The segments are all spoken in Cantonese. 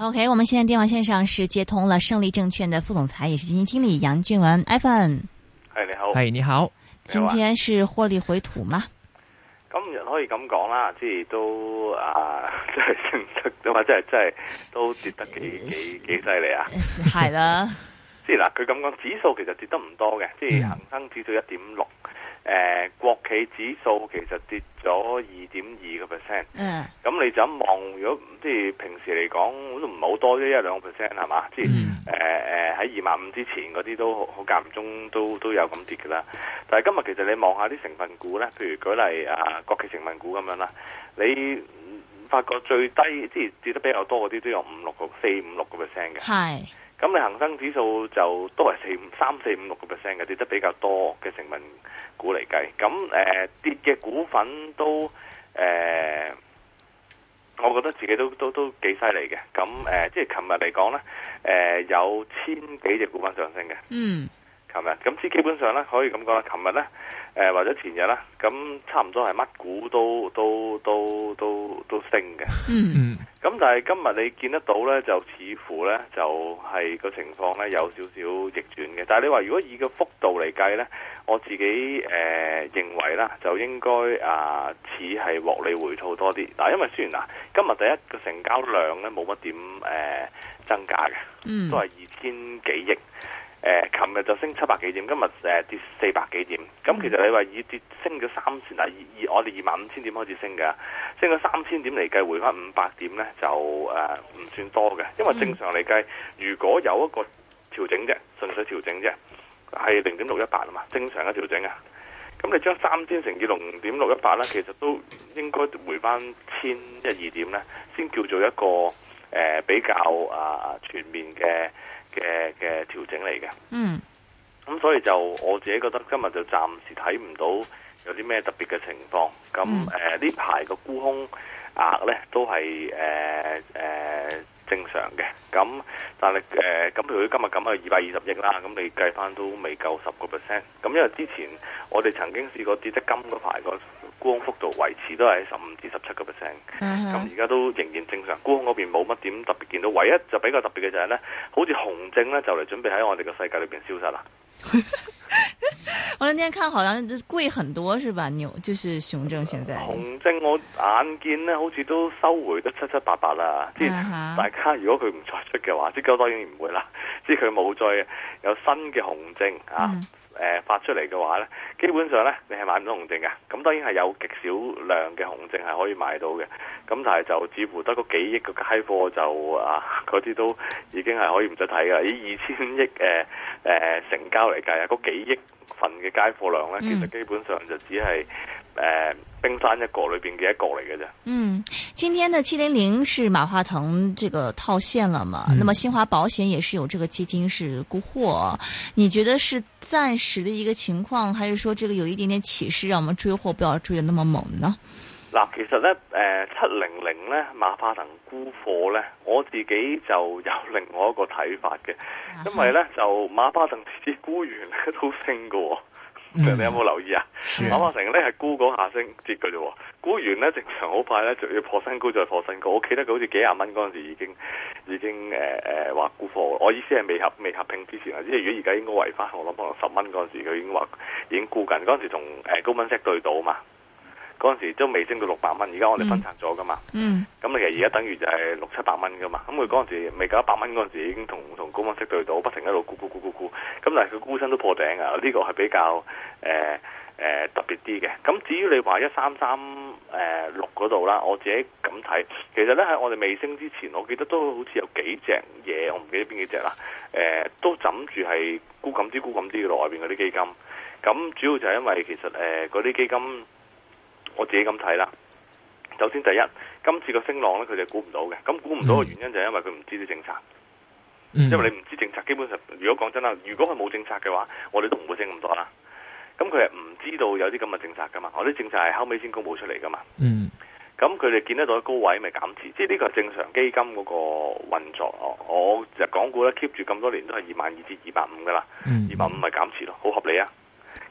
OK，我們現在電話線上是接通了勝利證券的副總裁，也是基金經理楊俊文，iPhone。係、hey, 你好，係你好，今天是獲利回吐嗎？Hey, 今日可以咁講啦，即係都啊，即係升得，咁啊，即係即係都跌得幾幾幾犀利啊，係啦的，即係嗱，佢咁講，指數其實跌得唔多嘅，即係恒生指數一點六。Mm. 誒、呃，國企指數其實跌咗二點二個 percent，咁你就一望如果即係平時嚟講都唔係好多啫。一兩個 percent 係嘛，即係誒誒喺二萬五之前嗰啲都好間唔中都都有咁跌噶啦。但係今日其實你望下啲成分股咧，譬如舉例啊國企成分股咁樣啦，你發覺最低即係跌得比較多嗰啲都有五六個四五六個 percent 嘅。咁你恒生指數就都係四三四五六個 percent 嘅，跌得比較多嘅成分股嚟計，咁誒、呃、跌嘅股份都誒、呃，我覺得自己都都都幾犀利嘅。咁誒、呃，即係琴日嚟講咧，誒、呃、有千幾隻股份上升嘅。嗯。係咪咁之基本上咧，可以咁講啦。琴日咧，誒、呃、或者前日啦，咁差唔多係乜股都都都都都升嘅。嗯嗯、mm。咁、hmm. 但係今日你見得到咧，就似乎咧就係個情況咧有少少逆轉嘅。但係你話如果以個幅度嚟計咧，我自己誒、呃、認為啦，就應該啊、呃、似係獲利回吐多啲。但係因為雖然嗱，今日第一、這個成交量咧冇乜點誒增加嘅，都係二千幾億。誒，琴日就升七百幾點，今日誒跌四百幾點，咁其實你話以跌升咗三千啊，以我哋二萬五千點開始升㗎，升咗三千點嚟計，回返五百點咧就誒唔、呃、算多嘅，因為正常嚟計，如果有一個調整啫，純粹調整啫，係零點六一八啊嘛，正常嘅調整啊，咁你將三千乘以零點六一八咧，其實都應該回返千一二點咧，先叫做一個誒、呃、比較啊、呃、全面嘅嘅嘅調整嚟嘅，嗯，咁所以就我自己覺得今日就暫時睇唔到有啲咩特別嘅情況，咁誒呢排個沽空額咧都係誒誒。呃呃正常嘅，咁但係誒，咁、呃、譬如今日咁係二百二十億啦，咁你計翻都未夠十個 percent，咁因為之前我哋曾經試過跌得金個排個沽空幅度維持都係十五至十七個 percent，咁而家都仍然正常，沽空嗰邊冇乜點特別見到，唯一就比較特別嘅就係呢，好似紅證呢，就嚟準備喺我哋個世界裏面消失啦。 我今天看好，好像貴很多，是吧？牛就是熊證，現在熊證我眼見呢，好似都收回得七七八八啦。即係大家如果佢唔再出嘅話，即係、uh huh. 當然唔會啦。即係佢冇再有新嘅熊證啊，誒、uh huh. 呃、發出嚟嘅話呢，基本上呢，你係買唔到熊證嘅。咁當然係有極少量嘅熊證係可以買到嘅，咁但係就只乎得嗰幾億嘅街貨就啊，嗰啲都已經係可以唔使睇噶。以二千億誒。呃誒、呃、成交嚟計啊，嗰幾億份嘅街貨量咧，其實基本上就只係誒、呃、冰山一角裏面嘅一角嚟嘅啫。嗯，今天呢七零零是馬化騰這個套現了嘛？嗯、那麼，新華保險也是有這個基金是沽貨，你覺得是暫時的一個情況，還是說這個有一點點啟示，讓我們追貨不要追得那麼猛呢？嗱，其實咧，誒、呃、七零零咧，馬化騰沽貨咧，我自己就有另外一個睇法嘅，因為咧就馬化騰啲沽完咧都升嘅、哦，嗯、你有冇留意啊？是啊，馬化騰咧係沽嗰下升跌嘅啫，沽完咧正常好快咧就要破新高再破新高。我記得佢好似幾廿蚊嗰陣時已經已經誒誒話沽貨，我意思係未合未合併之前啊，即係如果而家應該維翻，我諗可能十蚊嗰陣時佢已經話已經沽緊嗰陣時同誒、呃、高敏息對到嘛。嗰陣時都未升到六百蚊，而家我哋分拆咗㗎嘛，咁其實而家等於就係六七百蚊㗎嘛，咁佢嗰陣時未夠一百蚊嗰陣時，已經同同高分息對到，不停喺度咕咕咕咕咕，咁但係佢孤身都破頂啊！呢、這個係比較誒誒、呃呃、特別啲嘅。咁至於你話一三三誒六嗰度啦，我自己咁睇，其實咧喺我哋未升之前，我記得都好似有幾隻嘢，我唔記得邊幾隻啦，誒、呃、都枕住係估咁啲估咁啲嘅外邊嗰啲基金，咁主要就係因為其實誒嗰啲基金。我自己咁睇啦。首先第一，今次個升浪咧，佢哋估唔到嘅。咁估唔到嘅原因就係因為佢唔知啲政策。嗯。因為你唔知政策，基本上如果講真啦，如果佢冇政策嘅話，我哋都唔會升咁多啦。咁佢係唔知道有啲咁嘅政策噶嘛，我啲政策係後尾先公布出嚟噶嘛。嗯。咁佢哋見得到高位咪減持，即係呢個係正常基金嗰個運作。我就係講過港股咧 keep 住咁多年都係二萬二至二百五噶啦。二百五咪減持咯，好合理啊！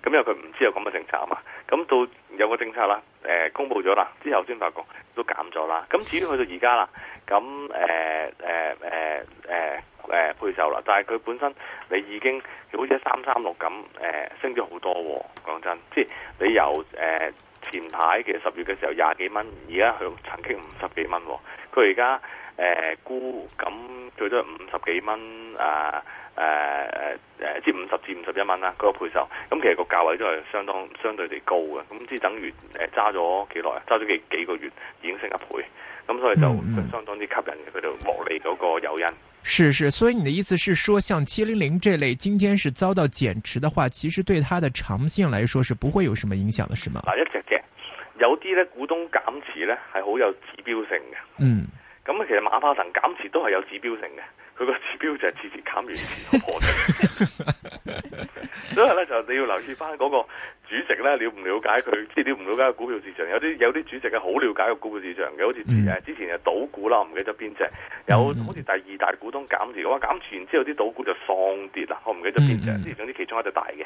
咁又佢唔知有咁嘅政策啊嘛，咁到有個政策啦，誒公佈咗啦，之後先發覺都減咗啦。咁至於去到而家啦，咁誒誒誒誒誒配售啦，但係佢本身你已經好似三三六咁誒升咗好多喎。講真，即係你由誒前排其實十月嘅時候廿幾蚊，而家響曾經五十幾蚊，佢而家誒估咁最多五十幾蚊啊！呃誒誒誒，即五十至五十一蚊啦，嗰個配售，咁其實個價位都係相當相對地高嘅，咁即係等於誒揸咗幾耐，揸咗幾幾個月已經升一倍，咁所以就相當之吸引佢就獲利嗰個誘因。是是，所以你的意思是說，像七零零這類，今天是遭到減持的話，其實對它的長線來說是不會有什麼影響嘅，是嗎？嗱，一隻隻，有啲咧股東減持咧係好有指標性嘅，嗯，咁其實馬化騰減持都係有指標性嘅。佢個指標就係次次減完全破嘅， 所以咧就你要留意翻嗰個主席咧，了唔了解佢？即係你唔了解個股票市場，有啲有啲主席係好了解個股票市場嘅，好似誒之前誒賭股啦，唔記得邊隻有，好似第二大股東減持，哇減完之後啲賭股就放跌啦，我唔記得邊隻，即係總之其中一隻大嘅。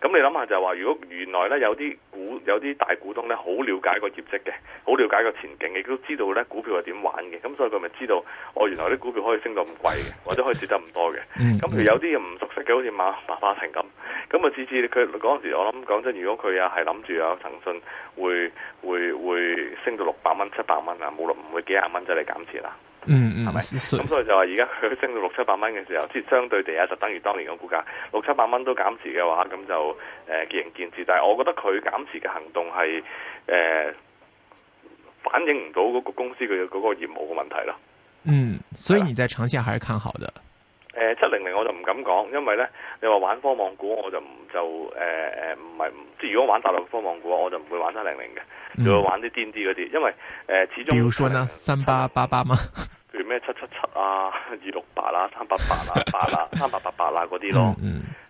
咁你諗下就話，如果原來咧有啲股有啲大股東咧，好了解個業績嘅，好了解個前景，亦都知道咧股票係點玩嘅，咁所以佢咪知道，哦原來啲股票可以升到咁貴嘅，或者可以蝕得咁多嘅。咁譬 如有啲唔熟悉嘅，好似馬馬化騰咁，咁啊次次佢嗰陣時，我諗講真，如果佢啊係諗住啊騰訊會會會升到六百蚊、七百蚊啊，冇論唔會幾廿蚊就嚟、是、減持啦。嗯嗯，係咪吧？咁所以就話而家佢升到六七百蚊嘅時候，即係相對地啊，就等於當年嘅股價六七百蚊都減持嘅話，咁就誒見仁見智。但係我覺得佢減持嘅行動係誒、呃、反映唔到嗰個公司嘅嗰個業務嘅問題咯。嗯，所以你在長線還是看好的。誒、呃、七零零我就唔敢講，因為咧你話玩科網股我就唔就誒誒唔係即係如果玩大陸科網股，我就唔會玩七零零嘅，就、嗯、玩啲癲啲嗰啲，因為誒、呃、始終。譬如說呢，呃、三八八八嘛，譬如咩七七七啊，二六八啊、三八八啊、八啦， 三八八八啊嗰啲咯，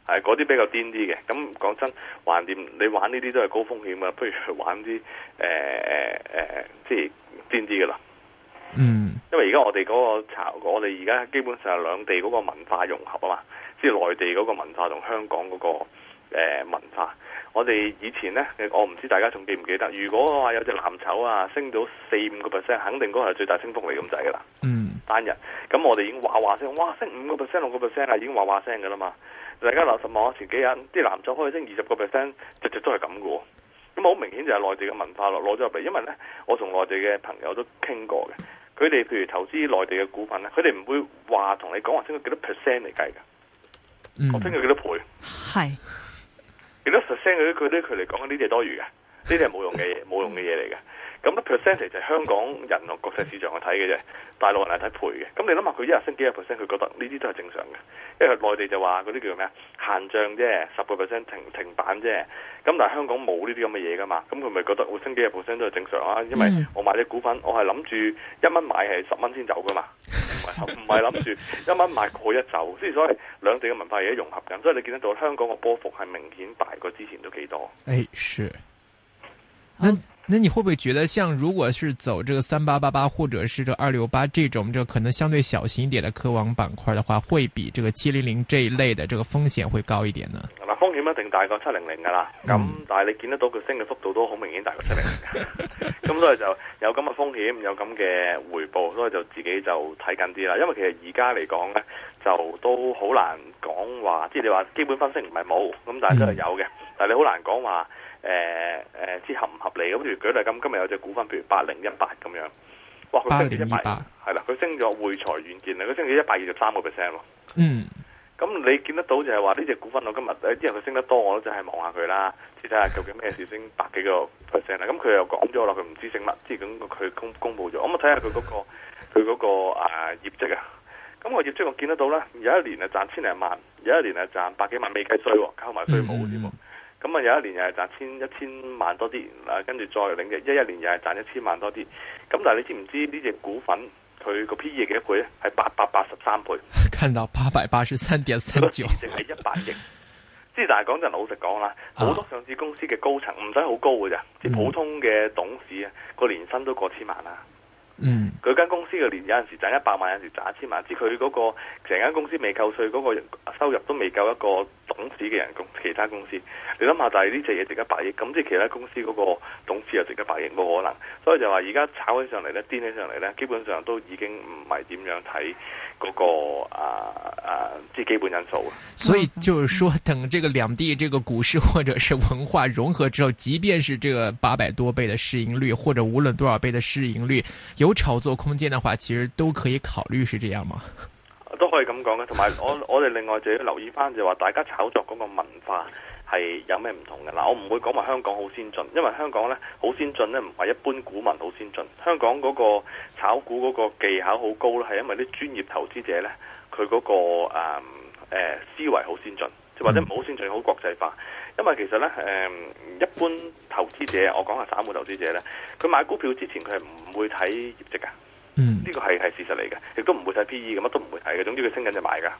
係嗰啲比較癲啲嘅。咁講真，橫掂你玩呢啲都係高風險啊，不如去玩啲誒誒誒，即、呃、係、呃呃、癲啲嘅啦。嗯，因為而家我哋嗰個炒，我哋而家基本上係兩地嗰個文化融合啊嘛，即係內地嗰個文化同香港嗰、那個誒、呃、文化。我哋以前咧，我唔知大家仲記唔記得，如果話有隻藍籌啊，升咗四五個 percent，肯定嗰係最大升幅嚟咁滯噶啦。嗯，單日，咁我哋已經話話聲，哇，升五個 percent，六個 percent 啦，已經話話聲噶啦嘛。大家留心望下前幾日，啲藍籌可以升二十個 percent，隻隻都係咁噶喎。咁好、嗯、明顯就係內地嘅文化落攞咗入嚟，因為咧，我同內地嘅朋友都傾過嘅，佢哋譬如投資內地嘅股份咧，佢哋唔會話同你講話，升到幾多 percent 嚟計嘅，我聽佢幾多倍，係幾是多 percent 嗰啲佢哋佢哋講緊，呢啲係多餘嘅，呢啲係冇用嘅嘢，冇用嘅嘢嚟嘅。咁多 percent 就係香港人同國際市場去睇嘅啫，大陸人係睇倍嘅。咁你諗下佢一日升幾多 percent，佢覺得呢啲都係正常嘅，因為內地就話嗰啲叫做咩限漲啫，十個 percent 停停板啫。咁但係香港冇呢啲咁嘅嘢噶嘛，咁佢咪覺得我升幾十 percent 都係正常啊？因為我買啲股份，我係諗住一蚊買係十蚊先走噶嘛，唔係諗住一蚊買佢一走，之所以兩地嘅文化而家融合緊，所以你見得到香港個波幅係明顯大過之前都幾多。哎，那你會不會覺得，像如果是走這個三八八八，或者是這二六八這種，這可能相對小型一點的科網板塊的話，會比這個七零零這一類的這個風險會高一點呢？嗱，風險一定大過七零零噶啦，咁、嗯嗯、但係你見得到佢升嘅幅度都好明顯大過七零零，咁所以就有咁嘅風險，有咁嘅回報，所以就自己就睇緊啲啦。因為其實而家嚟講呢，就都好難講話，即係你話基本分析唔係冇，咁但係都係有嘅，但係你好難講話，誒、呃、誒，之、呃、合唔合理咁。舉例咁，今日有隻股份，譬如八零一八咁樣，哇！八零一八，佢升咗一百，係啦，佢升咗匯財軟件啊，佢升咗一百二十三個 percent 咯。嗯，咁你見得到就係話呢隻股份，我今日因為佢升得多，我都即係望下佢啦，睇睇下究竟咩事升百幾個 percent 啦。咁佢 又講咗落，佢唔知升乜，之咁佢公公布咗，我睇下佢嗰個佢嗰個啊業績啊。咁我業績我見得到啦，有一年啊賺千零萬，有一年啊賺百幾萬，未計稅，扣埋稅冇添。咁啊，有一年又係賺千一千萬多啲，啊，跟住再領嘅一一年又係賺一千萬多啲。咁但係你知唔知呢隻股份佢個 P E 幾多倍呢？係八百八十三倍。看到八百八十三點三九。咁係一百億。即係但係講真老實講啦，好多上市公司嘅高層唔使好高嘅咋，即普通嘅董事啊，個、嗯、年薪都過千萬啦。嗯，佢間公司嘅年有陣時賺一百萬，有陣時賺一千萬，即係佢嗰個成間公司未扣稅，嗰個收入都未夠一個董事嘅人工，其他公司，你諗下，就係呢隻嘢值一百億，咁即係其他公司嗰個董事又值一百億，冇可能，所以就話而家炒起上嚟咧，癲起上嚟咧，基本上都已經唔係點樣睇嗰個啊。即基本因素， 所以就是說，等這個兩地這個股市或者是文化融合之後，即便是這個八百多倍的市盈率，或者無論多少倍的市盈率有炒作空間的話，其實都可以考慮，是這樣嗎？都可以咁講嘅，同埋我我哋另外就要留意翻，就話 大家炒作嗰個文化係有咩唔同嘅。嗱，我唔會講話香港好先進，因為香港咧好先進咧，唔係一般股民好先進，香港嗰個炒股嗰個技巧好高啦，係因為啲專業投資者咧。佢嗰、嗰個誒、嗯呃、思維好先進，即或者唔好先進好國際化，因為其實咧誒、嗯、一般投資者，我講下散戶投資者咧，佢買股票之前佢係唔會睇業績㗎，嗯，呢個係係事實嚟嘅，亦都唔會睇 PE，乜都唔會睇嘅，總之佢升緊就買㗎。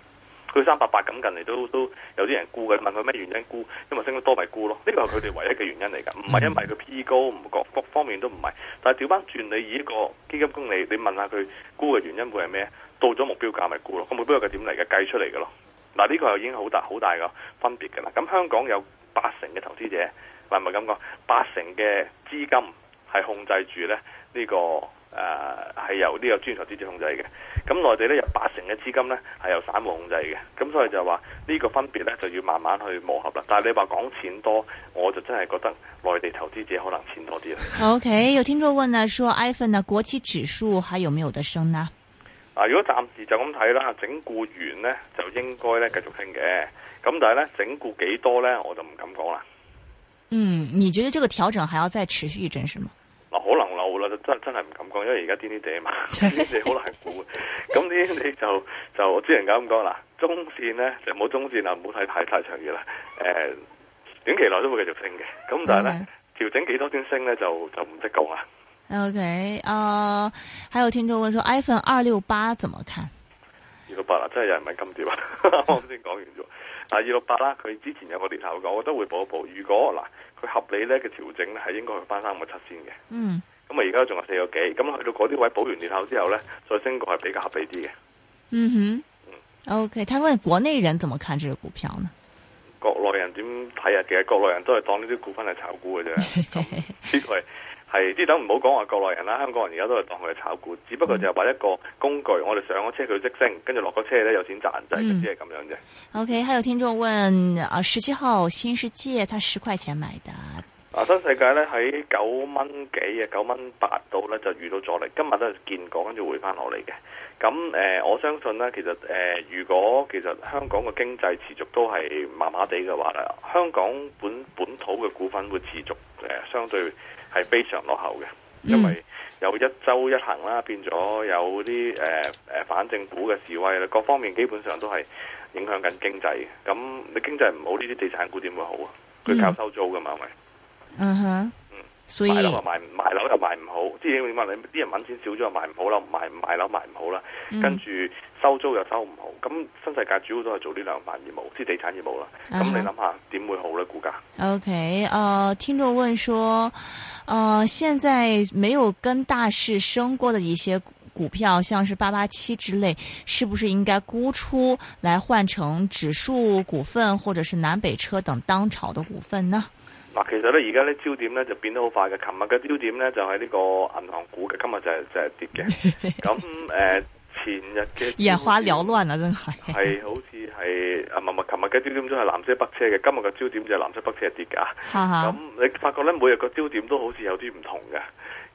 佢三八八咁近嚟，都都有啲人沽嘅，問佢咩原因沽？因為升得多咪沽咯，呢個係佢哋唯一嘅原因嚟㗎，唔係因為佢 P 高，唔各各方面都唔係。但係調翻轉，你以一個基金經理，你問下佢沽嘅原因會係咩？到咗目標價咪沽咯。個目標價點嚟嘅？計出嚟㗎咯。嗱，呢個又已經好大好大個分別㗎啦。咁香港有八成嘅投資者係咪咁講？八成嘅資金係控制住咧呢個。誒，係由呢有這個專才投資者控制嘅，咁內地呢，有八成嘅資金呢，係由散戶控制嘅，咁所以就話呢、呢個分別呢，就要慢慢去磨合啦。但係你話講錢多，我就真係覺得內地投資者可能錢多啲啦。OK，有聽眾問呢，說 iPhone 呢國企指數還有沒有得升呢？啊，如果暫時就咁睇啦，整固完呢，就應該呢繼續升嘅，咁但係呢，整固幾多呢，我就唔敢講啦。嗯，你覺得這個調整還要再持續一陣，是嗎？冇啦，真真係唔敢講，因為而家癲癲地啊嘛，癲地好難估。咁呢 你，你就就只能咁講啦。中線咧就冇中線啦，唔好睇太太長遠啦。誒、呃，短期內都會繼續升嘅。咁但係咧調整幾多天升咧就就唔識講啦。O K，啊，還有聽眾問說，說 iPhone 二六八怎麼看？二六八啊，真係有唔係金碟啊！我先講完咗啊，二六八啦，佢之前有個跌頭，我我得會補一補。如果嗱，佢合理咧嘅調整咧係應該係翻三五七先嘅。嗯。咁我而家仲有四個幾，咁去到嗰啲位補完缺口之後咧，再升過係比較合理啲嘅。嗯哼、嗯、，o、okay, k 他問國內人怎麼看這個股票呢？國內人點睇啊？其實國內人都係當呢啲股份係炒股嘅啫。因為係啲等唔好講話國內人啦、啊，香港人而家都係當佢係炒股，只不過就係話一個工具。嗯、我哋上咗車佢即升，跟住落咗車咧有錢賺就係即係咁樣啫、嗯。OK，還有聽眾問啊，十七號新世界，他十塊錢買的。新世界咧，喺九蚊幾啊，九蚊八度咧，就遇到阻力，今日都係見過，跟住回翻落嚟嘅。咁誒、呃，我相信咧，其實誒、呃，如果其實香港嘅經濟持續都係麻麻地嘅話咧，香港本本土嘅股份會持續誒、呃，相對係非常落後嘅，因為有一周一行啦，變咗有啲誒誒反政府嘅示威啦，各方面基本上都係影響緊經濟。咁你經濟唔好，呢啲地產股點會好啊？佢靠收租噶嘛，係咪？嗯哼，uh huh。嗯，所以賣樓又賣唔賣樓又賣唔好，即係點問你？啲人搵錢少咗就賣唔好啦，賣賣樓賣唔好啦，跟住收租又收唔好，咁新世界主要都係做呢兩塊業務，啲、即係、地產業務啦。咁你諗下點會好咧？股價？O K，啊聽眾問說，啊、呃、現在沒有跟大市升過的一些股票，像是八八七之類，是不是應該沽出來換成指數股份，或者是南北車等當炒的股份呢？嗱，其實咧而家咧焦點咧就變得好快嘅。琴日嘅焦點咧就喺呢個銀行股嘅，今日就係、是、就係跌嘅。咁誒， 前日嘅眼花繚亂啊，真係係好似係啊，唔係唔係，琴日嘅焦點都係南車北車嘅，今日嘅焦點就係南車北車跌噶。咁 你發覺咧每日個焦點都好似有啲唔同嘅。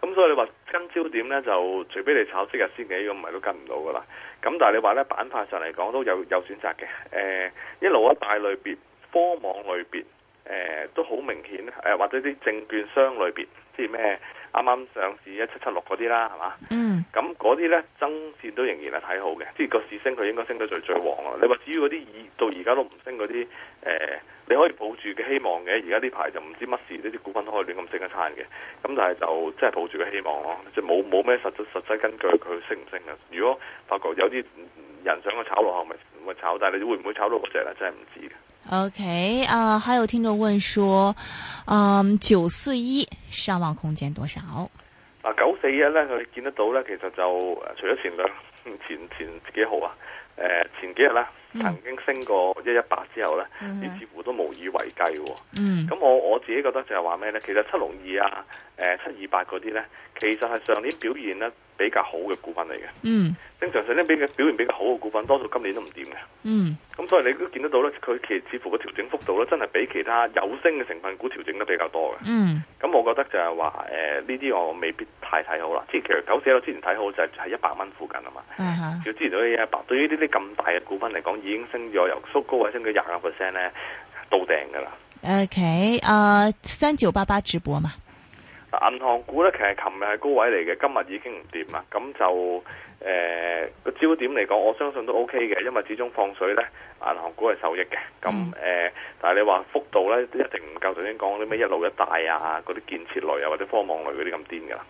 咁所以你話跟焦點咧就，除非你炒即日先幾，咁咪都跟唔到噶啦。咁但係你話咧板塊上嚟講都有有選擇嘅。誒、呃，一路啊大類別，科網類別。誒、呃、都好明顯，誒、呃、或者啲證券商裏邊，即係咩啱啱上市一七七六嗰啲啦，係嘛？Mm. 嗯，咁嗰啲咧，增線都仍然係睇好嘅，即係個市升佢應該升得最最旺咯。你話至於嗰啲以到而家都唔升嗰啲，誒、呃、你可以抱住嘅希望嘅。而家呢排就唔知乜事，呢啲股份都可以亂咁升一餐嘅，咁但係就真係抱住嘅希望咯，即係冇冇咩實質實質根據佢升唔升嘅。如果發覺有啲人想去炒落去，咪咪炒，但係你會唔會炒到嗰隻咧？真係唔知。OK，啊、呃，還有聽眾問說，嗯、呃，九四一上望空間多少？啊、呃，九四一咧，佢見得到咧，其實就除咗前兩前前幾號啊，誒、呃，前幾日啦，曾經升過一一八之後咧，嗯、你似乎都無以為繼、哦。嗯，咁我我自己覺得就係話咩咧？其實七龍二啊，誒、呃，七二八嗰啲咧，其實係上年表現咧。比較好嘅股份嚟嘅，嗯，正常上咧，比嘅表現比較好嘅股份，多數今年都唔掂嘅，嗯，咁、嗯、所以你都見得到咧，佢其實似乎個調整幅度咧，真係比其他有升嘅成分股調整得比較多嘅，嗯，咁、嗯、我覺得就係話誒呢啲我未必太睇好啦，即係其實九四一之前睇好就係喺一百蚊附近啊嘛，吓、uh，huh. 之前嗰啲一百，對於呢啲咁大嘅股份嚟講，已經升咗由縮高位升咗廿個 percent 咧，到頂噶啦，OK，誒三九八八直播嘛。銀行股咧，其實琴日係高位嚟嘅，今日已經唔掂啦。咁就誒個焦點嚟講，我相信都 OK 嘅，因為始終放水咧，銀行股係受益嘅。咁、嗯、誒、呃，但係你話幅度咧，一定唔夠。頭先講啲咩一路一帶啊，嗰啲建設類啊或者科網類嗰啲咁癲啦，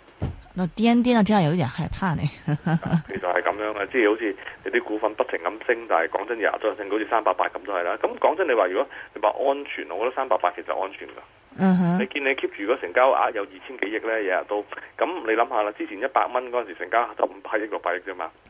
那癲癲啊，真係有一點害怕呢？ 其實係咁樣嘅，即係好似你啲股份不停咁升，但係講真廿再升，好似三百八咁都係啦。咁講真，你話如果你話安全，我覺得三百八其實安全㗎。Uh huh. 你見你 keep 住個成交額有二千幾億咧，日日都咁，你諗下啦，之前一百蚊嗰陣時成交就五百億六百億啫嘛，而家、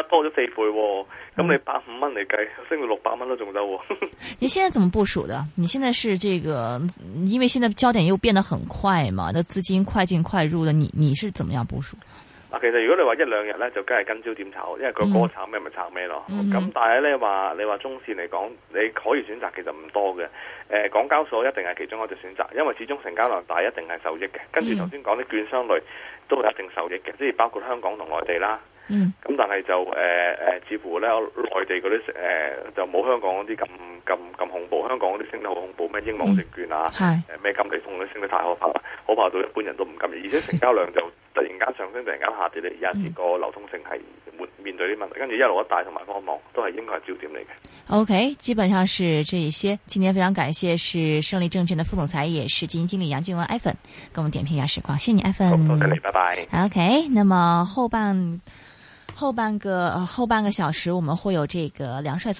uh huh. 多咗四倍、哦，咁你百五蚊嚟計升到六百蚊都仲得。 你現在怎麼部署的？你現在是這個，因為現在焦點又變得很快嘛，那資金快進快入的，你你是怎麼樣部署？啊，其實如果你話一兩日咧，就梗係今朝點炒，因為佢個炒咩咪炒咩咯。咁、嗯、哼但係咧話，你話中線嚟講，你可以選擇其實唔多嘅。誒、呃，港交所一定係其中一隻選擇，因為始終成交量大一定係受益嘅。跟住頭先講啲券商類都係一定受益嘅，嗯、哼即係包括香港同內地啦。咁、嗯、但係就誒誒、呃，似乎咧內地嗰啲誒就冇香港嗰啲咁咁咁恐怖。香港嗰啲升得好恐怖，咩英皇證券啊，誒咩金利豐都升得太可怕，可怕到一般人都唔敢。而且成交量就～ 突然間上升，突然間下跌咧，而家個流通性係面面對啲問題，嗯、跟住一路一帶同埋科網都係應該係焦點嚟嘅。OK，基本上是這一些。今天非常感謝是勝利證券的副總裁，也是基金經理楊俊文艾粉，跟我們點評一下市。感謝，謝你艾粉，多謝，謝你，拜拜。OK，那麼後半後半個後半個小時，我們會有這個梁帥。